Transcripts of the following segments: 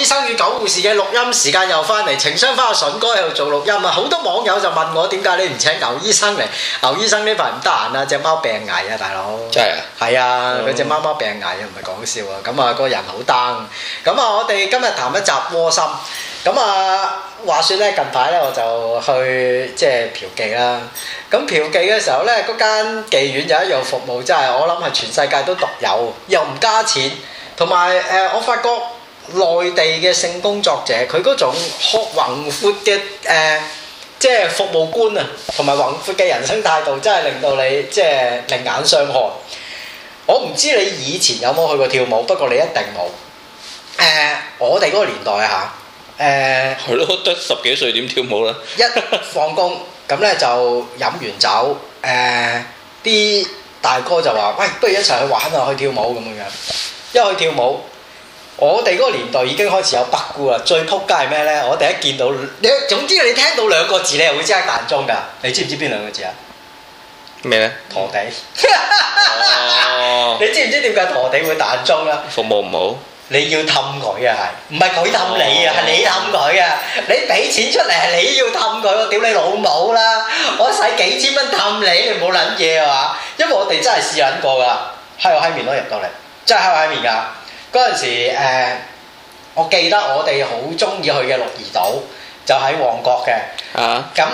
醫生與九護士嘅錄音時間又翻嚟，情商返阿筍哥喺度做錄音啊！好多網友就問我點解你唔請牛醫生嚟？牛醫生呢排唔得閒啦，隻貓病危啊，大佬。真係是啊。係啊、嗯，隻貓貓病危啊，唔係講笑啊！咁啊，個人好 down。咁啊，我哋今日談一集窩心。咁啊，話説呢，近排呢我就去即係嫖妓啦。咁嫖妓嘅時候呢，嗰間妓院有一樣服務，真係我諗係全世界都獨有，又唔加錢，同埋誒，我發覺。內地嘅性工作者，佢嗰種宏闊嘅誒，即係服務觀啊，同埋宏闊嘅人生態度，真係令到你即係另眼相看。我唔知你以前有冇去過跳舞，不過你一定冇。誒、呃，我哋嗰個年代吓，誒係咯，得十幾歲點跳舞咧？ 一放工咁咧就飲完酒，誒、呃、啲大哥就話：喂，不如一齊去玩啊，去跳舞咁樣。一去跳舞。我哋嗰個年代已經開始有北姑啦，最撲街係咩呢？我哋一見到，你總之你聽到兩個字，你又會即刻蛋中噶。你知唔知邊兩個字啊？咩呢？陀地、哦。你知唔知點解陀地會蛋中啦？服務唔好。你要氹佢啊，係唔係佢氹你啊？係你氹佢啊！你俾錢出嚟係你要氹佢，屌你老母啦！我使幾千蚊氹你，你冇捻嘢啊。因為我哋真係試捻過噶，揩我揩面都入到嚟，真係揩我揩面噶。嗰陣時、呃，我記得我哋好中意去嘅鹿兒島，就喺旺角嘅。啊，咁誒、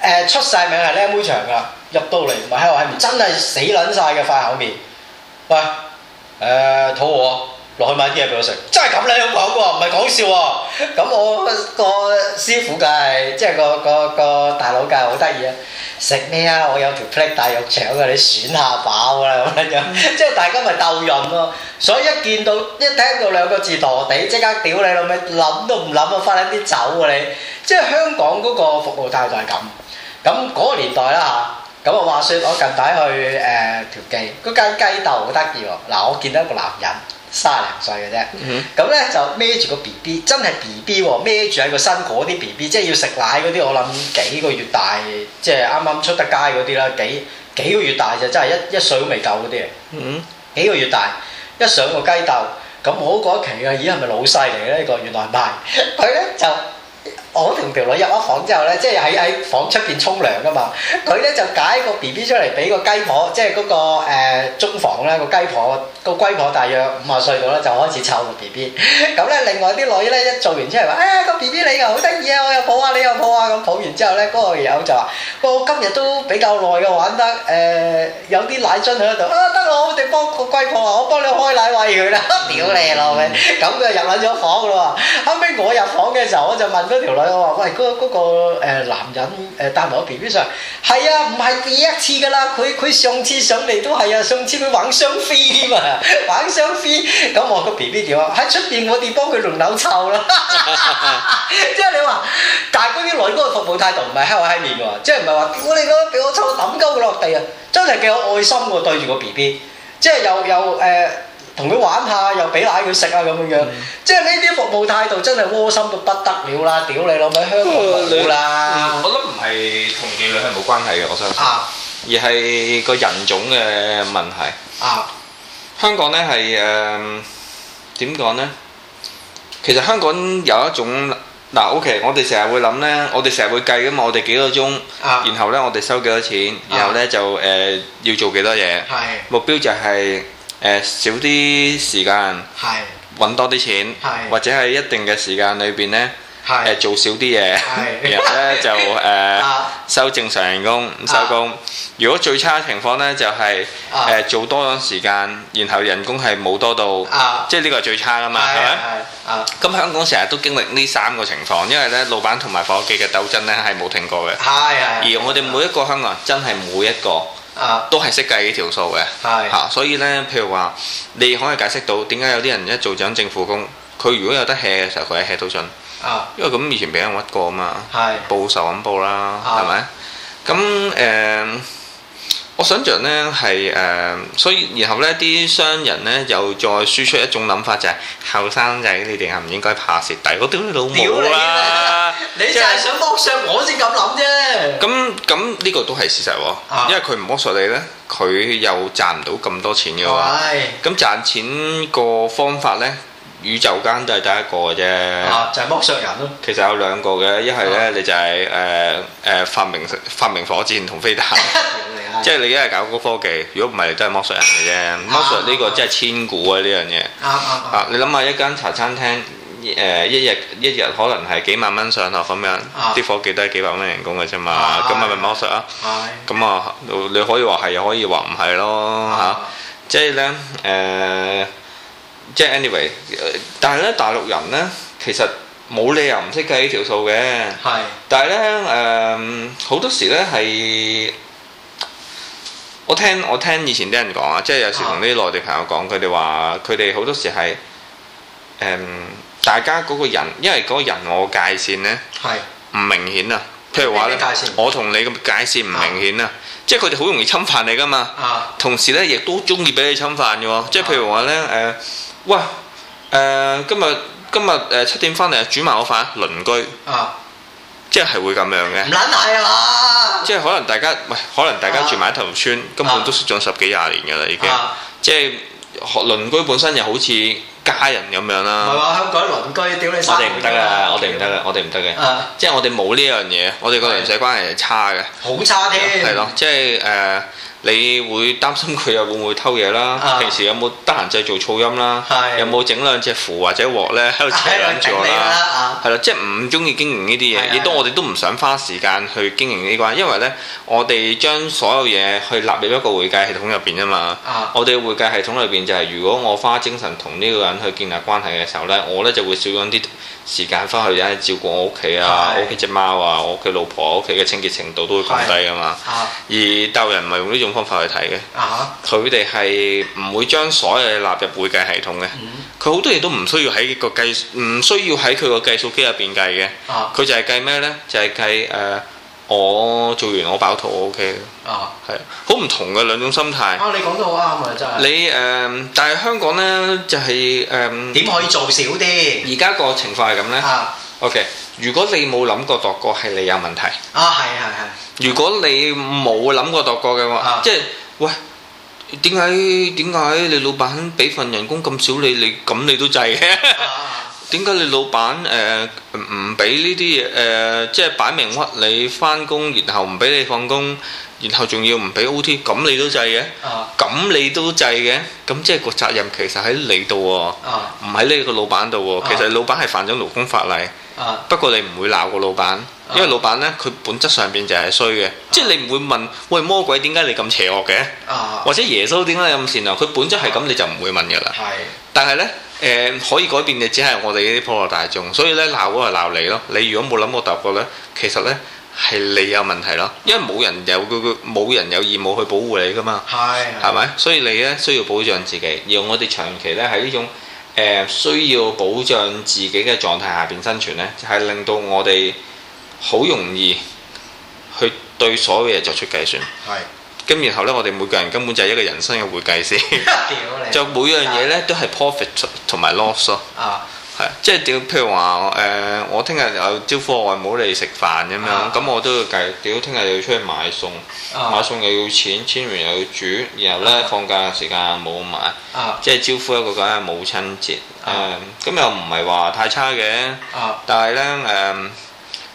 呃、出晒名係靚妹場㗎，入到嚟唔係喺外面，真係死撚晒嘅塊口面。喂，誒肚餓，落去買啲嘢俾我食，真係咁咧！有講過唔係講笑喎。咁我、個師傅梗係即係個個個大佬，梗係好得意啊！食咩啊？我有條 Black 大肉腸啊！你選下飽啦咁樣，即係 大家咪鬥韌喎。所以一見到一聽到兩個字陀地，即刻屌你老味，諗都唔諗啊！翻嚟啲酒啊你！即係香港嗰個服務態度係咁。咁嗰個年代啦嚇，咁我話説我近排去誒、呃、條記嗰間雞竇好得意喎。嗱，我見到一個男人。三十零歲嘅啫，咁咧、mm hmm. 就孭住個 B B，真係 B B 喎、哦，孭住喺個身嗰啲 B B，即係要食奶嗰啲，我諗幾個月大，即係啱啱出得街嗰啲啦，幾幾個月大就真係一一歲都未夠嗰啲啊，mm hmm. 幾個月大，一上個雞竇，咁我都覺得奇啊，咦係咪老細嚟嘅呢個？原來唔係，佢 咧就。我同條女入咗房之後咧，即係喺喺房出邊沖涼噶嘛。佢咧就解個 B B 出嚟俾個雞婆，即係嗰、嗰個、呃、中房咧、嗰個雞婆、嗰個龜婆，大約五啊歲度啦，就開始湊個 B B。咁咧另外啲女咧一做完出嚟話：，啊、哎、個 B B 你又好得意啊！我又抱下、啊、你又抱下、啊、咁抱完之後咧，嗰、嗰個友就話：，我今日都比較耐嘅玩得誒、呃，有啲奶樽喺度啊，得我我哋幫個龜婆啊，我幫你開奶餵佢啦。屌你老味！咁佢就入撚咗房啦喎。後尾我入房嘅時候，我就問嗰條女。我話喂，嗰、那個那個男人誒帶埋個 B B 上？係啊，唔係第一次㗎喇，佢佢上次上嚟都係啊，上次佢玩雙飛添啊玩雙飛，咁我個 B B 點啊？喺出邊我哋幫佢輪流湊啦， 即係你話，但係嗰啲女嗰個服務態度唔係黑口黑面喎，即係唔係話我哋個，俾我湊抌鳩佢落地啊，真係幾有愛心喎對住個 B B，即係又又誒。有有呃同佢玩下，又俾奶佢食啊咁樣樣，即係呢啲服務態度真係窩心到不得了啦！屌你老味，香港服務啦！我覺得唔係同妓女係冇關係嘅，我相信。啊！而係個人種嘅問題。啊！香港咧係誒點講咧？其實香港有一種嗱，OK，我哋成日會諗咧，我哋成日會計噶嘛，我哋幾個鐘，然後咧我哋收幾多錢，然後咧就誒要做幾多嘢，目標就係。誒少啲時間，揾多啲錢，或者喺一定嘅時間裏邊咧，誒做少啲嘢，然後咧就誒收正常人工咁收工。如果最差情況咧，就係誒做多咗時間，然後人工係冇多到，即係呢個係最差㗎嘛，係咪？咁香港成日都經歷呢三個情況，因為咧老闆同埋伙計嘅鬥爭咧係冇停過嘅，而我哋每一個香港人真係每一個。啊、都係識計呢條數嘅，嚇是、啊，所以咧，譬如話，你可以解釋到點解有啲人一做長政府工，佢如果有得吃嘅時候，佢係吃到盡，啊，因為咁以前俾人屈過啊嘛，係是報仇咁報啦，係咪是？咁誒。的我想著呢係，誒、呃，所以然後呢啲商人呢，又再輸出一種諗法，就係後生仔你哋係唔應該怕蝕底，嗰啲屌你老母你就係想剝削我先咁諗啫。咁咁呢個都係事實喎，因為佢唔剝削你呢，佢又賺唔到咁多錢嘅話，咁賺、哎嗯、錢個方法呢？宇宙間都係第一個嘅啫，就係剝削人咯。其實有兩個嘅，一係咧你就係誒誒發明發明火箭同飛彈，即係你一係搞高科技。如果唔係，你都係剝削人嘅啫。剝削呢個真係千古啊！呢樣嘢啊，你諗下一間茶餐廳誒，一日一日可能係幾萬蚊上落咁樣，啲伙計都係幾百蚊人工嘅啫嘛。咁咪剝削啊？咁啊，你可以話係，又可以話唔係咯嚇。即係咧誒。即係 anyway，、呃、但係咧大陸人咧其實冇理由唔識計條數是呢條數嘅。係、呃，但係咧誒好多時咧係，我聽我聽以前啲人講啊，即係有時同啲內地朋友講，佢哋話佢哋好多時係誒、呃、大家嗰個人，因為嗰個人我界線咧係唔明顯啊。譬如話咧，界我同你嘅界線唔明顯啊，是即係佢哋好容易侵犯你㗎嘛。是同時咧亦都鍾意俾你侵犯嘅喎。即係譬如話咧誒。呃呃喂，誒、呃、今日今日誒七點返嚟煮埋我飯，鄰居，啊，即係會咁樣嘅，啊、即係可能大家，唔、啊呃、可能大家住埋一頭村，根本都識咗十幾廿年嘅啦，已經、啊，啊、即係鄰居本身又好似。家人咁樣啦，唔係話香港鄰居屌你！我哋唔得噶，我哋唔得噶，我哋唔得嘅。即係我哋冇呢樣嘢，我哋個鄰舍關係係差嘅，好差添。係咯，即係誒，你會擔心佢又會唔會偷嘢啦？平時有冇得閒就做噪音啦？有冇整兩隻符或者鑊咧喺度黐住啦？係啦，即係唔中意經營呢啲嘢，亦都我哋都唔想花時間去經營呢啲關係，因為咧，我哋將所有嘢去納入一個會計系統入邊啊嘛。我哋會計系統裏邊就係如果我花精神同呢個去建立關係嘅時候呢，我呢就會少咗啲時間翻去一係照顧我屋企啊，我屋企隻貓啊，我屋企老婆，屋企嘅清潔程度都會降低噶是嘛。而鬥人唔係用呢種方法去睇嘅，佢哋係唔會將所有嘢納入會計系統嘅。佢好、嗯、多嘢都唔需要喺個計，唔需要喺佢個計數機入邊計嘅。佢、啊、就係計咩呢？就係、是、計誒。呃我做完我飽肚，我 OK 啊，係好唔同嘅兩種心態。啊，你講得好啱啊，真係。你誒、呃，但係香港呢，就係誒點可以做少啲？而家個情況係咁呢。啊、o、okay, k 如果你冇諗過度過，係你有問題。啊，係係係。如果你冇諗過度過嘅話，啊、即係喂點解點解你老闆俾份人工咁少你？你咁你都制嘅。點解你老闆誒唔唔俾呢啲嘢誒，即係擺明屈你返工，然後唔俾你放工，然後仲要唔俾 OT，咁你都制嘅？咁、啊、你都制嘅？咁即係個責任其實喺你度喎，唔喺呢個老闆度喎。啊、其實老闆係犯咗勞工法例。啊、不過你唔會鬧個老闆，啊、因為老闆呢，佢本質上邊就係衰嘅，啊、即係你唔會問喂魔鬼點解你咁邪惡嘅，啊、或者耶穌點解你咁善良？佢本質係咁，你就唔會問㗎啦。但係呢。誒、嗯、可以改變嘅只係我哋呢啲普羅大眾，所以咧鬧嗰個鬧你咯。你如果冇諗過答過咧，其實咧係你有問題咯，因為冇人有冇人有義務去保護你噶嘛。係係咪？所以你咧需要保障自己。而我哋長期咧喺呢種誒、呃、需要保障自己嘅狀態下邊生存咧，就係令到我哋好容易去對所有嘢作出計算。係。咁然後咧，我哋每個人根本就係一個人生嘅會計師， 就每樣嘢咧都係 profit 同埋 loss 咯。啊，係即係屌，譬如話誒、呃，我聽日有招呼外母嚟食飯咁樣，咁、啊、我都要計。屌，聽日又要出去買餸，啊、買餸又要錢，簽完又要煮，然後咧、啊、放假時間冇買，啊、即係招呼一個梗係母親節。誒、啊，咁、啊啊、又唔係話太差嘅、啊，但係咧誒。嗯嗯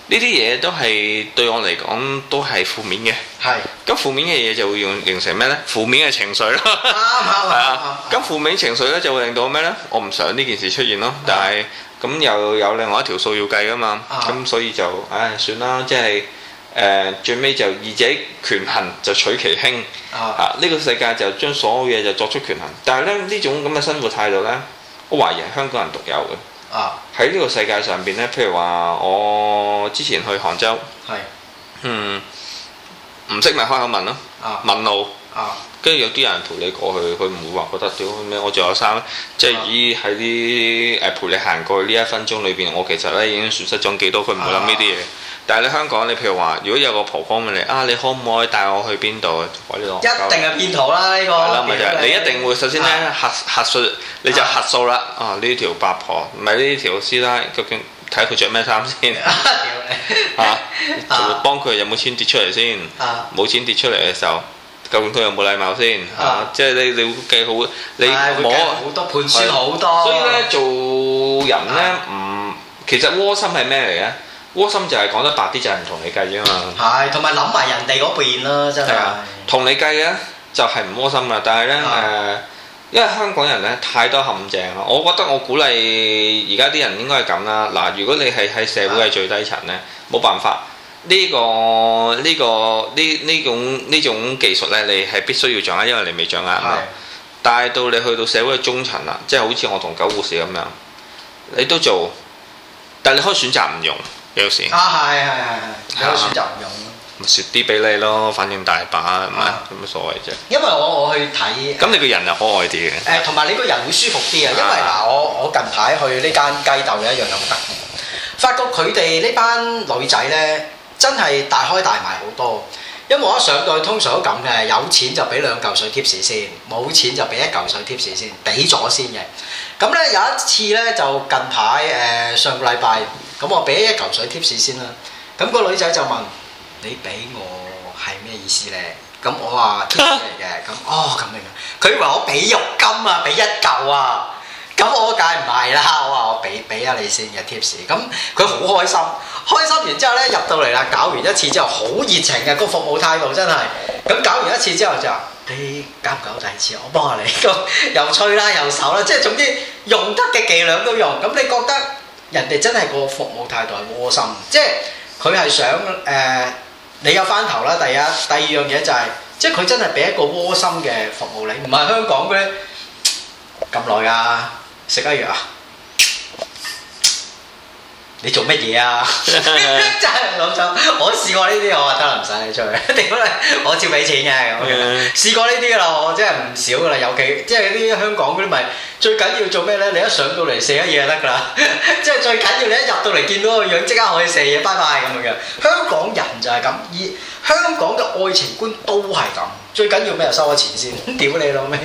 呢啲嘢都係對我嚟講都係負面嘅。係。咁負面嘅嘢就會用形成咩呢？負面嘅情緒咯。啱啱。係啊。咁負面情緒呢，就會令到咩呢？我唔想呢件事出現咯。但係咁又有另外一條數要計噶嘛。咁所以就唉，算啦，即係誒最尾就二者權衡就取其輕。啊。呢個世界就將所有嘢就作出權衡。但係咧呢種咁嘅生活態度呢，我懷疑係香港人獨有嘅。喺呢、啊、個世界上邊呢，譬如話，我之前去杭州，係，嗯，唔識咪開口問咯，問路，跟住有啲人陪你過去，佢唔會話覺得屌咩，我仲有衫，啊、即係依喺啲誒陪你行過去呢一分鐘裏邊，我其實呢已經損失咗幾多，佢唔會諗呢啲嘢。但係你香港，你譬如話，如果有個婆婆問你啊，你可唔可以帶我去邊度？呢一定係騙徒啦！呢個你一定會首先咧核核數，你就核數啦。啊，呢條八婆唔係呢條師奶，究竟睇佢着咩衫先？啊，幫佢有冇錢跌出嚟先？冇錢跌出嚟嘅時候，究竟佢有冇禮貌先？即係你你會計好，你摸，所以咧做人咧唔，其實窩心係咩嚟嘅？窩心就係講得白啲，就係唔同你計啫嘛。係，同埋諗埋人哋嗰邊咯，真係。同你計啊，就係唔窩心啦。但係呢，誒的、呃，因為香港人呢，太多陷阱啦。我覺得我鼓勵而家啲人應該係咁啦。嗱，如果你係喺社會嘅最低層呢，冇的辦法。呢、呢個呢、呢個呢呢種呢種技術呢，你係必須要掌握，因為你未掌握的、啊、但係到你去到社會嘅中層啦，即係好似我同九護士咁樣，你都做，但係你可以選擇唔用。有時啊，係係係係，有時就用咪蝕啲俾你咯，反正大把，係咪？有乜所謂啫。因為我我去睇，咁你個人係可愛啲嘅。誒，同埋你個人會舒服啲啊，因為嗱，我我近排去呢間雞竇嘅一樣都得，發覺佢哋呢班女仔咧真係大開大賣好多。因為我一上到去，通常都咁嘅，有錢就俾兩嚿水 tips 先，冇錢就俾一嚿水 tips 先，俾咗先嘅。咁咧有一次咧，就近排誒上個禮拜。咁我俾一嚿水 t 士先啦。咁、那個女仔就問：你俾我係咩意思呢？」咁我話 t i 嚟嘅。咁哦，咁明啦。佢話我俾浴金啊，俾一嚿啊。咁我梗唔係啦。我話我俾俾啊你先嘅 t 士。p 咁佢好開心，開心完之後呢，入到嚟啦，搞完一次之後好熱情嘅個服務態度真係。咁搞完一次之後就，你搞唔搞第二次我幫下你， 又吹啦，又手啦，即係總之用得嘅伎倆都用。咁你覺得？人哋真係個服務態度係窩心，即係佢係想誒、呃，你有翻頭啦。第一、第二樣嘢就係、是，即係佢真係俾一個窩心嘅服務你，唔係香港嘅咁耐啊，食得藥啊！你做乜嘢啊？真係老住，我試過呢啲，我話得啦，唔使你出去。地方嚟，我照俾錢嘅咁嘅。樣 試過呢啲噶啦，我真係唔少噶啦。尤其即係呢啲香港嗰啲咪最緊要做咩呢？你一上到嚟卸啲嘢就得噶啦。 即係最緊要你一入到嚟見到個樣，即刻可以卸嘢，拜拜咁樣。香港人就係咁依。以香港嘅愛情觀都係咁，最緊要咩收我錢先？屌你老味！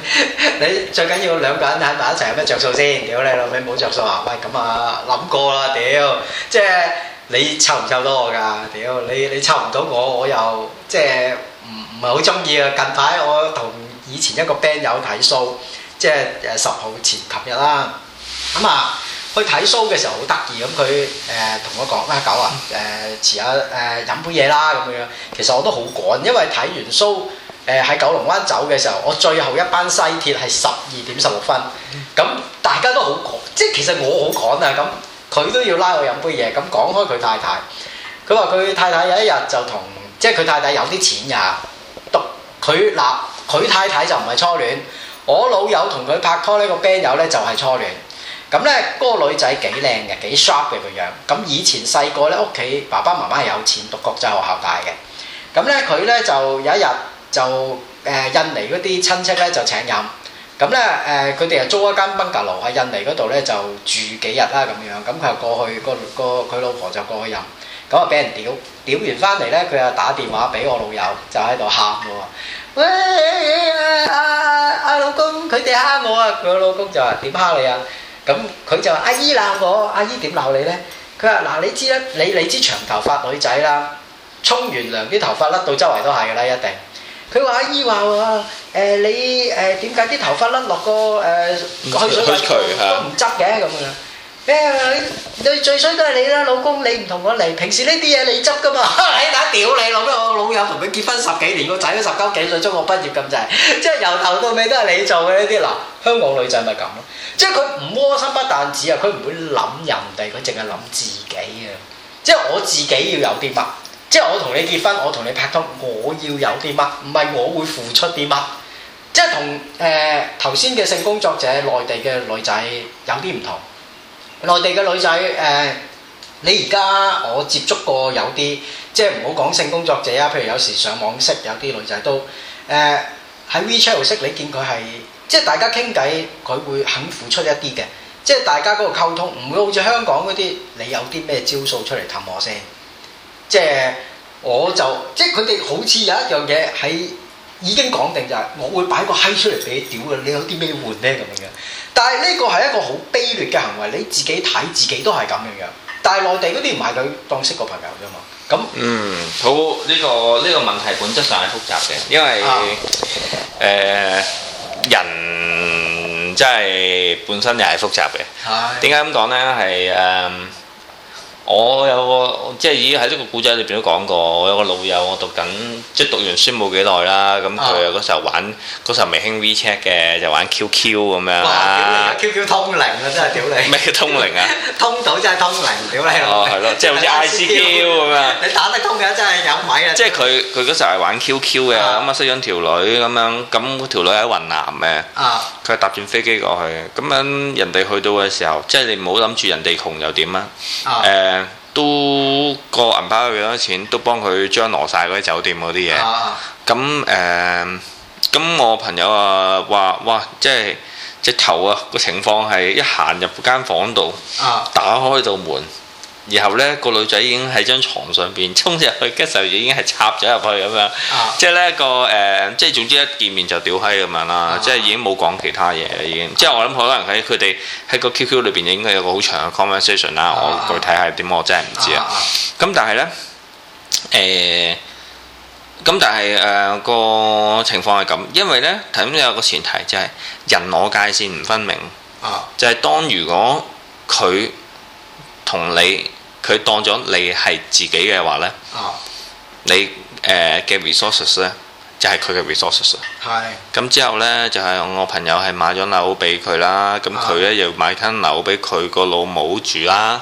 你最緊要兩個人喺埋一齊有咩着數先？屌 你老味！冇着數啊！喂，咁啊，諗過啦！屌，即係你湊唔湊到我㗎？屌， 你你湊唔到我，我又即係唔唔係好中意啊！近排我同以前一個 band 友睇數，即係誒十號前琴日啦，咁啊。去睇 show 嘅時候好得意咁，佢誒同我講，阿九啊，誒、呃、遲下誒、呃、飲杯嘢啦咁樣。其實我都好趕，因為睇完 show 誒、呃、喺九龍灣走嘅時候，我最後一班西鐵係十二點十六分。咁大家都好趕，即係其實我好趕啊！咁佢都要拉我飲杯嘢。咁講開佢太太，佢話佢太太有一日就同，即係佢太太有啲錢呀，獨佢嗱佢太太就唔係初戀，我老友同佢拍拖呢、呢個 band 友呢，就係初戀。咁咧，嗰個女仔幾靚嘅，幾 sharp 嘅個樣。咁以前細個咧，屋企爸爸媽媽係有錢，讀國際學校大嘅。咁咧，佢咧就有一日就誒印尼嗰啲親戚咧就請飲。咁咧誒，佢哋又租一間賓格樓喺印尼嗰度咧就住幾日啦咁樣。咁佢就過去個個佢老婆就過去飲，咁啊俾人屌，屌完翻嚟咧佢啊打電話俾我老友，就喺度喊喎。喂，阿阿老公佢哋蝦我啊！佢老公就話點蝦你啊？咁佢就話：阿姨鬧我，阿姨點鬧你呢？佢話：嗱，你知啦，你你知長頭髮女仔啦，沖完涼啲頭髮甩到周圍都係㗎啦，一定。佢話：阿姨話喎，呃，你誒點解啲頭髮甩落個誒去水渠都唔執嘅咁啊？誒、哎，最衰都係你啦，老公你唔同我嚟，平時呢啲嘢你執噶嘛，哈哈，你打屌你老咩？我老友同佢結婚十幾年，個仔都十鳩幾幾歲中學畢業咁滯，即係由頭到尾都係你做嘅呢啲嗱。香港女仔咪咁咯，即係佢唔窩心不單止啊，佢唔會諗人哋，佢淨係諗自己啊，即係我自己要有啲乜，即係我同你結婚，我同你拍拖，我要有啲乜，唔係我會付出啲乜，即係同誒頭先嘅性工作者內地嘅女仔有啲唔同。內地嘅女仔，誒、呃，你而家我接觸過有啲，即係唔好講性工作者啊。譬如有時上網識有啲女仔都，誒、呃，喺 WeChat 識，你見佢係，即係大家傾偈，佢會肯付出一啲嘅，即係大家嗰個溝通唔會好似香港嗰啲，你有啲咩招數出嚟氹我先，即係我就即係佢哋好似有一樣嘢喺已經講定就係、是，我會擺個閪出嚟俾你屌嘅，你有啲咩換咧咁樣。但係呢個係一個好卑劣嘅行為，你自己睇自己都係咁樣樣。但係內地嗰啲唔係佢當識個朋友啫嘛。咁嗯，好呢、呢個呢、呢個問題本質上係複雜嘅，因為誒、啊呃、人即係本身又係複雜嘅。係點解咁講呢？係誒。呃我有個即係已經喺呢個古仔裏邊都講過，我有個老友，我讀緊即係讀完書冇幾耐啦，咁佢啊嗰時候玩嗰時候未興 WeChat 嘅，就玩 QQ 咁樣啊。QQ 通靈啊，真係屌你！咩叫通靈啊？通到真係通靈，屌你！哦，係咯，即係好似 ICQ 咁樣。你打得通嘅真係有米啊！即係佢佢嗰時候係玩 QQ 嘅，咁啊識咗條女咁樣，咁條女喺雲南嘅，佢係搭轉飛機過去嘅，咁樣人哋去到嘅時候，即係你唔好諗住人哋窮又點啊？誒。都個銀包有幾多錢都幫佢張羅晒啲酒店嗰啲嘢。咁誒咁我朋友啊話哇,哇，即係直頭啊個情況係一行入間房度，打開道門。然後咧，個女仔已經喺張床上邊衝入去，跟住就已經係插咗入去咁樣。即係呢個誒，即係總之一見面就屌閪咁樣啦，即係已經冇講其他嘢啦，已經。即係我諗可能喺佢哋喺個 QQ 裏邊應該有個好長嘅 conversation 啦。我具體係點我真係唔知啊。咁、呃、但係呢，誒、呃，咁但係誒個情況係咁，因為呢，頭先有個前提就係、是、人我界線唔分明。就係、是、當如果佢同你。佢當咗你係自己嘅話呢，啊、你誒嘅 resources 呢，就係佢嘅 resources。係。咁之後呢，就係、是、我朋友係買咗樓俾佢啦，咁佢呢，啊、又買間樓俾佢個老母住啦，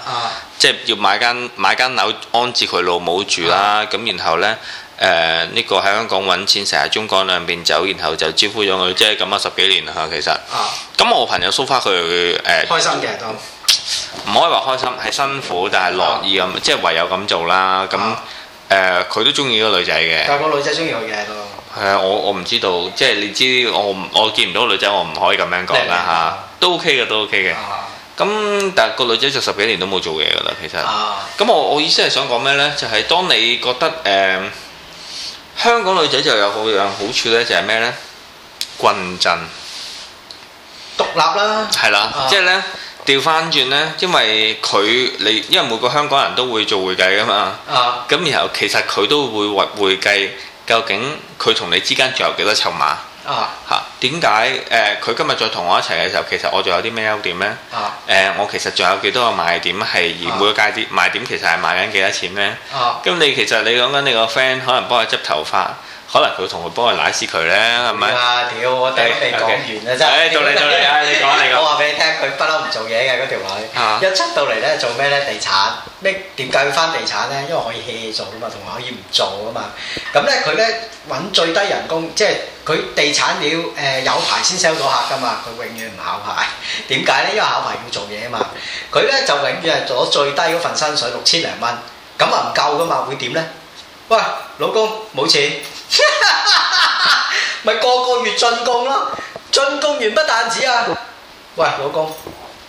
即係、啊、要買間買間樓安置佢老母住啦。咁、啊、然後呢，誒、呃、呢、呢個喺香港揾錢，成日中港兩邊走，然後就招呼咗佢。即係。咁啊十幾年嚇，其實。啊。咁我朋友收翻佢誒。開心嘅唔可以話開心，係辛苦，但係樂意咁，即係唯有咁做啦。咁誒，佢都中意嗰個女仔嘅。但係個女仔中意我嘅都。係啊，我我唔知道，即係你知我我見唔到個女仔，我唔可以咁樣講啦嚇。都 OK 嘅，都 OK 嘅。咁但係個女仔就十幾年都冇做嘢噶啦，其實。咁我我意思係想講咩呢？就係當你覺得誒，香港女仔就有好樣好處呢就係咩呢？均陣獨立啦。係啦，即係呢。調翻轉呢？因為佢你，因為每個香港人都會做會計噶嘛。咁、啊、然後其實佢都會話會計，究竟佢同你之間仲有幾多籌碼？啊！嚇點解？佢、呃、今日再同我一齊嘅時候，其實我仲有啲咩優點呢？啊啊、我其實仲有幾多個賣點係？而每個價點賣點其實係賣緊幾多錢呢？咁、啊、你其實你講緊你個 friend 可能幫佢執頭髮。可能佢同佢幫人奶屎佢咧，係咪？啊屌！我等你講完啊真係。做嚟做嚟啊！你講嚟講。我話俾你聽，佢不嬲唔做嘢嘅嗰條女。一出到嚟咧做咩咧地產？咩點解要翻地產咧？因為可以 hea 做啊嘛，同埋可以唔做啊嘛。咁咧佢咧揾最低人工，即係佢地產要誒有牌先 sell 到客㗎嘛。佢永遠唔考牌，點解咧？因為考牌要做嘢啊嘛。佢咧就永遠係攞最低嗰份薪水六千零蚊，咁啊唔夠㗎嘛？會點咧？喂，老公冇錢。咪個 個月進貢咯，進貢完不但止啊！喂老公，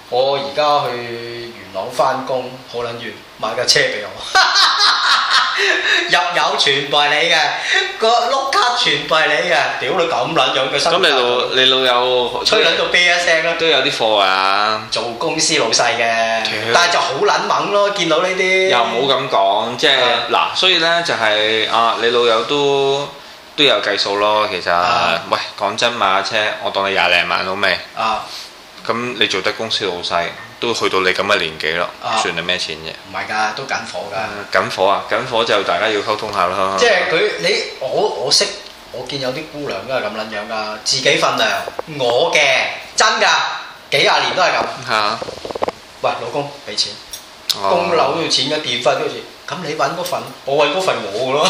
我而家去元朗返工，好撚遠，買架車俾我。 入有全部係你嘅，那個碌卡全部係你嘅，屌你咁卵樣嘅收入咁你老樣你老友吹卵到啤一聲啦。都有啲貨啊！做公司老細嘅，嗯、但係就好卵猛咯，見到呢啲。又唔好咁講，即係嗱，所以呢、就是，就係啊，你老友都都有計數咯，其實的喂，講真買架車，我當你廿零萬到未？好啊，咁你做得公司老細？都去到你咁嘅年紀咯，算你咩錢啫？唔係㗎，都緊火㗎。緊火啊！緊火就大家要溝通下啦。即係佢你我我識，我見有啲姑娘都係咁撚樣㗎，自己份糧，我嘅真㗎，幾廿年都係咁。係啊。喂，老公俾錢，供樓都要錢㗎，結婚都要錢。咁你揾嗰份，我揾嗰份我㗎咯。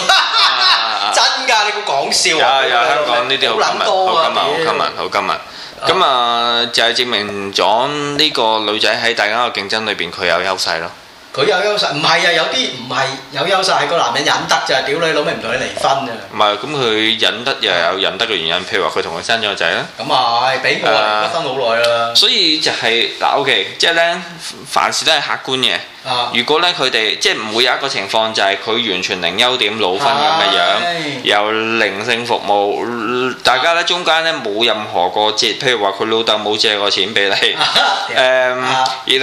真㗎，你估講笑啊？有有，好今日，好好今日，好今日。咁啊，哦、就係證明咗呢個女仔喺大家嘅競爭裏邊，佢有優勢咯。佢有優勢，唔係啊，有啲唔係有優勢係個男人忍得就係，屌你老味唔同你離婚啊！唔係，咁佢忍得又有忍得嘅原因，譬如話佢同佢生咗個仔咧。咁啊，係俾佢分好耐啦。所以就係嗱，OK，即係咧，凡事都係客觀嘅。如果咧佢哋即係唔會有一個情況，就係佢完全零優點老分咁嘅樣，由零性服務大家咧，中間咧冇任何過節。譬如話佢老豆冇借過錢俾你，誒，然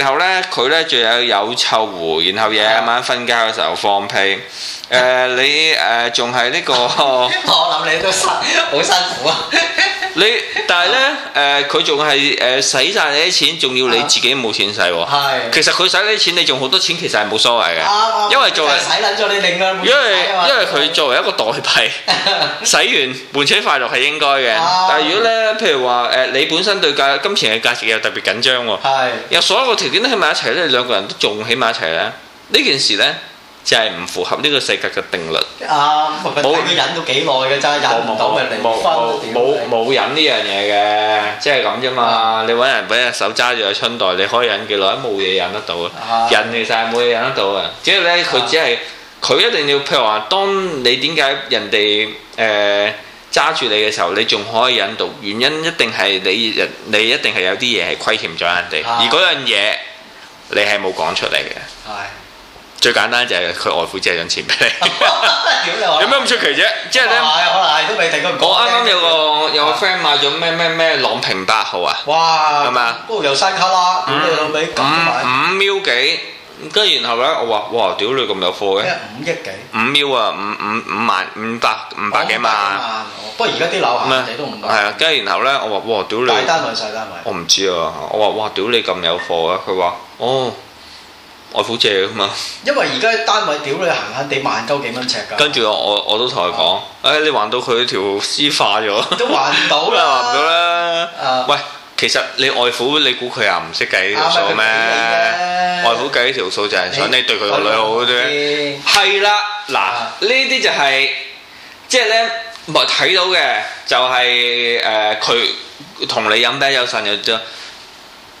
後咧佢咧仲有有臭狐，然後夜晚瞓覺嘅時候放屁，誒，你誒仲係呢個，我諗你都辛好辛苦啊，你但係咧誒佢仲係誒使晒你啲錢，仲要你自己冇錢使，其實佢使啲錢你仲好多。錢其實係冇所謂嘅，啊、因為作為、啊、因為佢為作為一個代幣， 洗完換取快樂係應該嘅。啊、但係如果呢，譬如話誒、呃，你本身對價金錢嘅價值又特別緊張喎，又是所有嘅條件都喺埋一齊咧，你兩個人都仲喺埋一齊呢，呢件事呢。即係唔符合呢個世界嘅定律。啊，冇忍到幾耐嘅咋，忍唔到嘅離婚。冇冇忍呢樣嘢嘅，即係咁啫嘛。你揾人俾隻手揸住個春袋，你可以忍幾耐？冇嘢忍得到啊，人其實係冇嘢忍得到啊。即係呢，佢只係佢一定要譬如話，當你點解人哋誒揸住你嘅時候，你仲可以忍到？原因一定係你你一定係有啲嘢係虧欠咗人哋，而嗰樣嘢你係冇講出嚟嘅。係。最簡單就係佢外父借咗錢俾你，有咩咁出奇啫？即係咧，可能係都未定。我啱啱有個有個 friend 買咗咩咩咩朗平八號啊！哇，係咪啊？不過有山卡啦，五五秒幾？跟住然後咧，我話哇，屌你咁有貨嘅？五億幾？五秒啊，五五五萬五百五百幾萬？不過而家啲樓係唔買？係啊，跟住然後咧，我話哇，屌你咁有貨啊！佢話哦。外父借噶嘛？因為而家單位屌你行下地萬鳩幾蚊尺㗎。跟住我我都同佢講，誒、啊哎、你還到佢條絲化咗。都還唔到啦。還唔 到啦。啊、喂，其實你外父你估佢又唔識計條數咩？啊、計外父計呢條數就係想你對佢個女好啫。係、哎、啦，嗱，啊就是、呢啲就係即係咧，唔係睇到嘅，就係誒佢同你飲啤酒有神有。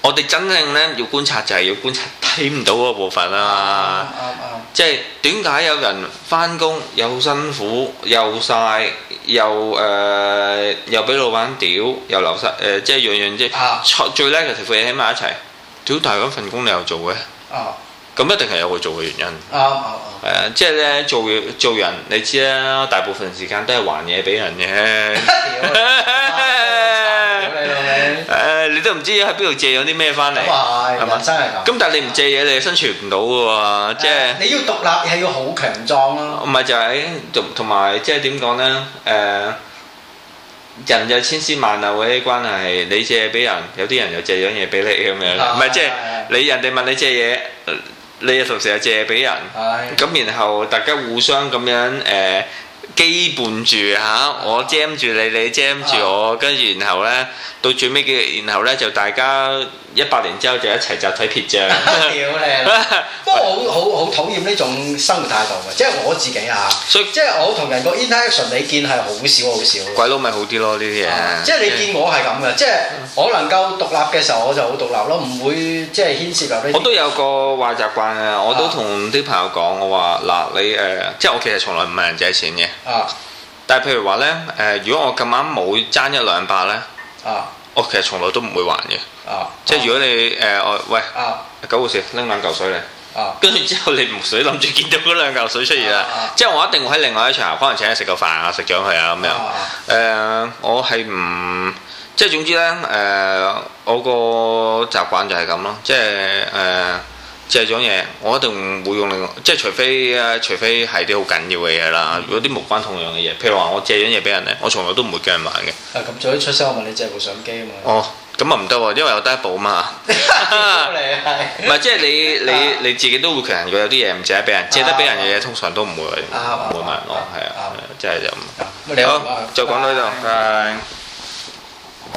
我哋真正咧要，要觀察，就係要觀察睇唔到嗰部分啊！即係點解有人翻工又辛苦又晒，又誒，又俾、呃、老闆屌，又流失誒，即係樣樣即係最叻嘅食苦嘢起埋一齊。屌，但係份工你又做嘅，咁一定係有佢做嘅原因。哦哦呃、即係咧做做人，你知啦，大部分時間都係還嘢俾人嘅。誒、哎，你都唔知喺邊度借咗啲咩翻嚟，係嘛哇？真係咁。咁但係你唔借嘢，啊、你又生存唔到嘅喎，即、就、係、是、你要獨立，係要好強壯咯、啊。唔係就係同埋，即係點講呢？誒、就是呃，人就千絲萬縷嗰啲關係，你借俾人，有啲人又借咗嘢俾你咁樣。唔係即係你人哋問你借嘢，你又同時又借俾人。咁是的 然後大家互相咁樣誒，呃基本住嚇，我 jam 住你，你 jam 住我，跟住然後咧，到最尾嘅，然後咧就大家一百年之後就一齊集體撇帳。屌你，不過我好好好討厭呢種生活態度嘅，即係我自己嚇。即係我同人個 interaction，你見係好少好少。鬼佬咪好啲咯，呢啲嘢。即係你見我係咁嘅，即係我能夠獨立嘅時候，我就好獨立咯，唔會即係牽涉入呢。我都有個壞習慣嘅，我都同啲朋友講，我話嗱，你誒，即係我其實從來唔問人借錢嘅。啊！但係譬如話咧，誒、呃，如果我咁晚冇爭一兩百咧，啊，我其實從來都唔會還嘅，啊，即係如果你誒，喂，啊，九號線拎兩嚿水嚟，啊，跟住之後你唔使諗住見到嗰兩嚿水出現啦，啊，即係我一定會喺另外一場可能請你食個飯啊，食咗佢啊咁樣，啊，呃、我係唔，即係總之咧，誒、呃，我個習慣就係咁咯，即係誒。呃啊啊借咗嘢，我一定唔會用另外，即係除非啊，除非係啲好緊要嘅嘢啦。如果啲無關痛癢嘅嘢，譬如話我借咗嘢俾人咧，我從來都唔會叫人還嘅。咁早啲出聲，我問你借部相機啊嘛。哦，咁啊唔得喎，因為我得一部啊嘛。係。唔係，即係你你你自己都會求人嘅，有啲嘢唔借俾人，借得俾人嘅嘢通常都唔會唔會還，我係啊，即係就你好，就講到呢度。